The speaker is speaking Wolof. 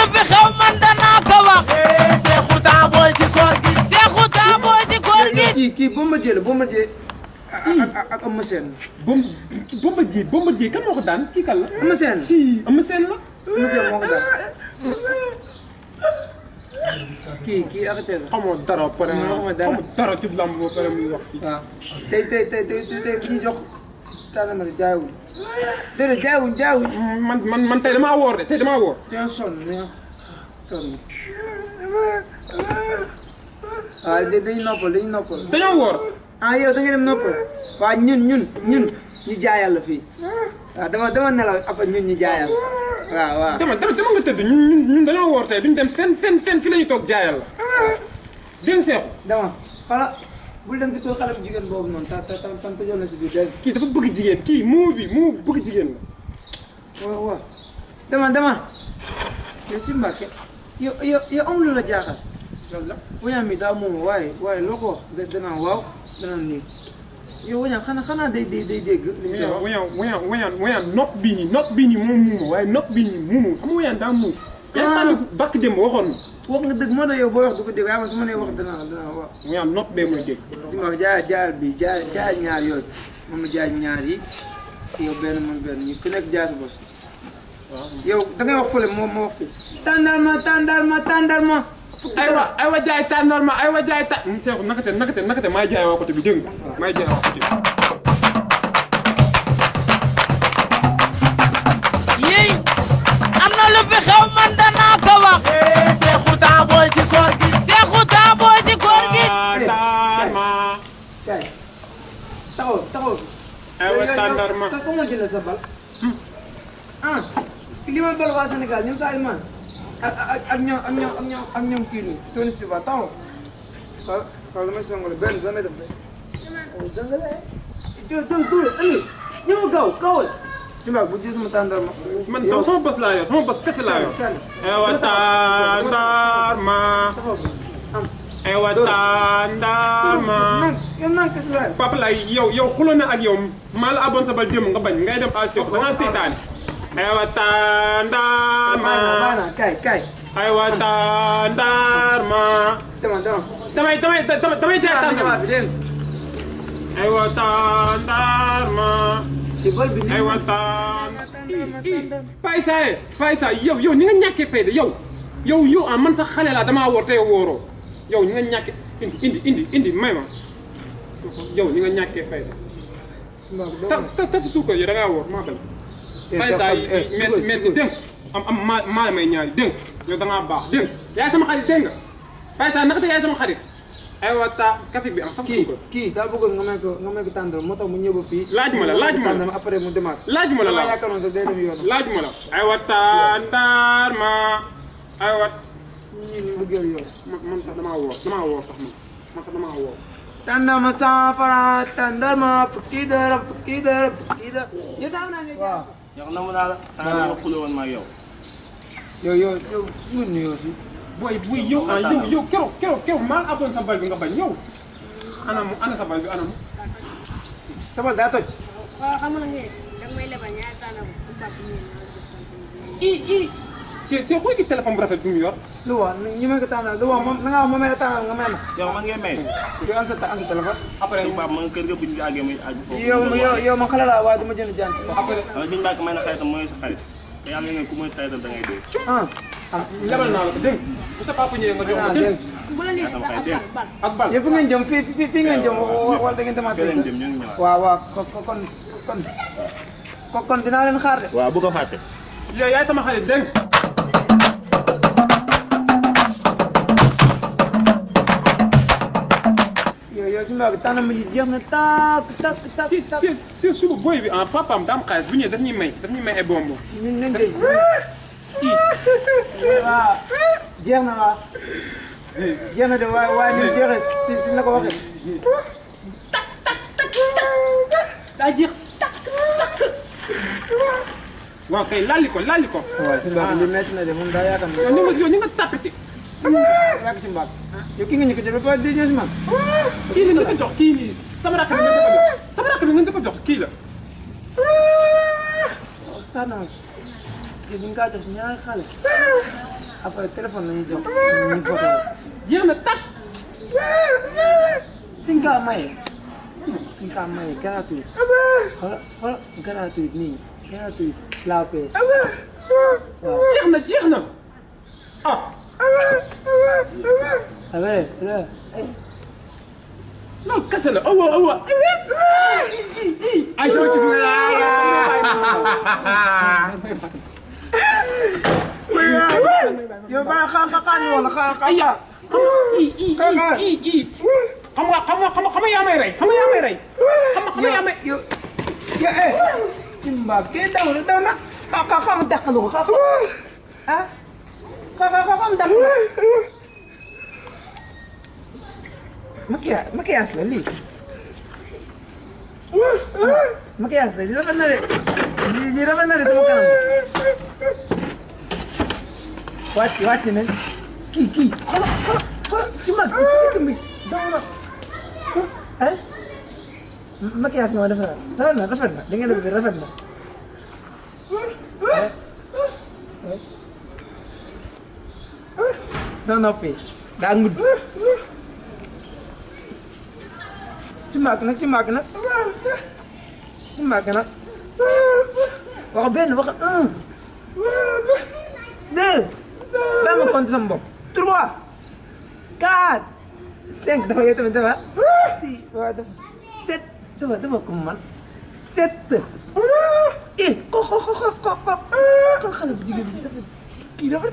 lu fi xew man danaa ko wax. seexu taa booy ci koor gi. seexu taa booy ci koor gi. kii kii Bombardier la Bombardier ak Eumeu Sène. Bom Bombardier Bombardier kan moo ko daan kii kan la. Eumeu Sène si Eumeu Sène la. Eumeu Sène moo ko daan. kii kii arrêté la. xamoo dara pare. xamoo dara xamoo dara ci lamb boo pare muy wax. waaw tey tey tey tey tey bi ñu jox. tànnama de jaayuñu. déedéet jaayuñu jaayuñu. man man man tey damaa woor de tey damaa woor. ñoo sonn ñoo sonn. waaw dañu noppal dañu noppal. dañoo woor. ah yow da nga dem noppal. waaw ñun ñun ñun ñu jaayal la fii. waaw dama dama nelaw après ñun ñu jaayal waaw waaw. dama dama dama nga tëdd ñun ñun ñun dañoo woor tey duñ dem fenn fenn fenn fii la ñu toog jaayal la. dégg nga Seexu. dama xala. bul dem si kaw xale bu jigéen boobu noonu ta ta ta tam tëjoon na si biir kii dafa bëgg jigéen kii muu bi muu bëgg jigéen la waaw waaw dama dama mais si Mbàkke yow yow yow amul lu la jaaxal loolu la wañaan mi daa moom waaye waaye loo ko wax danaa waaw danaa nii yow wañaan xanaa xanaa day day day dégg li wañaan wañaan wañaan wañaan nopp bii nii nopp bii nii moom muuma waaye nopp bii nii muuma xam nga wañaan daa muuf ah. yaa ngi bàkk démb waxoon na wax nga dëgg moo tax yow boo wax du ko dégg waaye man su ma nee wax danaa danaa wax. ñaar nopp bee mooy dégg. si ma jaay jaay bi jaay jaay ñaar yooyu moom jaay ñaar yi yow benn man benn ñu ku nekk jaay sa bos. waaw yow da ngay wax fële moom moo wax fii. tàndarma tàndarma tàndarma. aywa aywa jaay tàndarma aywa jaay ta. Seexu nakate nakate nakate maa jaay waa côté bi dégg nga maa jaay waa côté bi. xew man danaa ko wax ci la sa bal. ah li ma bal waa Sénégal ñoom Sadio Mané ak ak ak ñoom ak ñoom ak ñoom ak ñoom kii nii. Tony Silva taxaw xaw xaw damay songale benn damay def rek. waaw songale. joo joo tuule ëllëg ñëw gaw gawal. ci ma bu ji sama tàndar ma. man sama bos laa yor sama bos kese laa yor. waaw taandaar ma. ay wataandaama Papa Laye yow yow xuloo na ak yow maa la abon sabal jëm nga bañ ngay dem al Cheikh da ngaa seetaan ay wataandaama kay kay ay wataandaama damay damay damay seetaan ay wataandaama ay wataan fay saa fay saa yow yow ni nga ñàkkee fayda yow yow yow ah man sax xale laa damaa woor te yow wóoroo yow ñi nga ñàkkee indi indi indi indi may ma yow ñi nga ñàkkee fayda. ta ta ta suukar yi da ngaa wóor maa bëri. tey saa yi metti metti dégg am am maa may ñaari dégg yow da baax dégg yaay sama xarit dégg nga fay saa naka te yaay sama xarit. aywa taa café bi am sax suukar. kii kii daa bëggoon nga may ko nga moo tax mu ñëw ba fii. laaj ma la laaj ma la après mu demaat. laaj ma la laaj ma la laaj ma la aywa taa ndaar ma aywa. yi ñu bëggeel yow man sax damaa woo damaa woo sax man man sax damaa woo tàndama cent franc tàndama fukki dërëm yow sax naa ne waaw ma yow yow yow yow ñu nuyoo yow ah, yow yow keroog keroog keroog maa aboon sa bal bi nga bañ yow anamu ana sa bal bi anamu sa daa toj si si xool ci téléphone bu rafet bi mu lu waa ñu may ko tànnal lu waa moom na nga may ma. si yow man ngay may. yow am sa am sa téléphone. après suñu baax man kër ga bu ñu àggee muy àgg foofu. yow yow nga ah, suñu baax nga ku mooy xaritam da ngay dee. ah ah lebal naa la ko dégg bu sa nga jox fii fii fii ngeen jëm wala da ngeen demaat waaw waaw kon kon kon dinaa yow yow su ma ko tànnama ji jeex na tàkk tàkk tàkk. si suba booy bi ah papaam da am xaalis bu ñëwee daf ñuy may daf ñuy may ay bonbon. ñun nañ koy waaw jeex na waaw. jeex na de waaye waaye ni mu si si na kay laali ko si mbaa li na de moom daa yaakaar ne. yow ni nga yow ni nga tapete. yàgg si mbaag yow ki nga ñu ko jox ba dee ñëw si mbaag kii la ko jox kii nii sama rakk bi nga ko ko jox kii la waxtaanal kii bi nga jox ñaari jox ñu foto jeex na tàkk di nga maye di nga maye gratuit xool xool laa pay awa awa. non kese la awa awa. ay sama gis nga laa. yow ba xam nga xam nga wala xam nga. xam nga xam nga xam nga yaa may rey xam nga yaa may rey. xam nga xam nga yaa may. yow yow eh. Simba kii daw na daw na. xam xam xam dàqalu ko xam xam ah xam xam xam dàqalu ko. maquillage maquillage la lii. maquillage la lii rafet na de lii rafet na de sama kanam. wàcc wàcc nañ kii kii xoolal xoolal si mag si sikkim bi daaw na ah maquillage ma rafet na rafet na rafet na da ngeen def bi rafet daa gudd. si màgg nag si màgg nag si màgg nag wax benn wax un deux dama compte sama bopp trois quatre cinq dafa yow tamit dafa six waaw dafa sept dafa dafa ko man sept e ko ko ko ko ko ko xale bu jigéen bi dafa kii dafa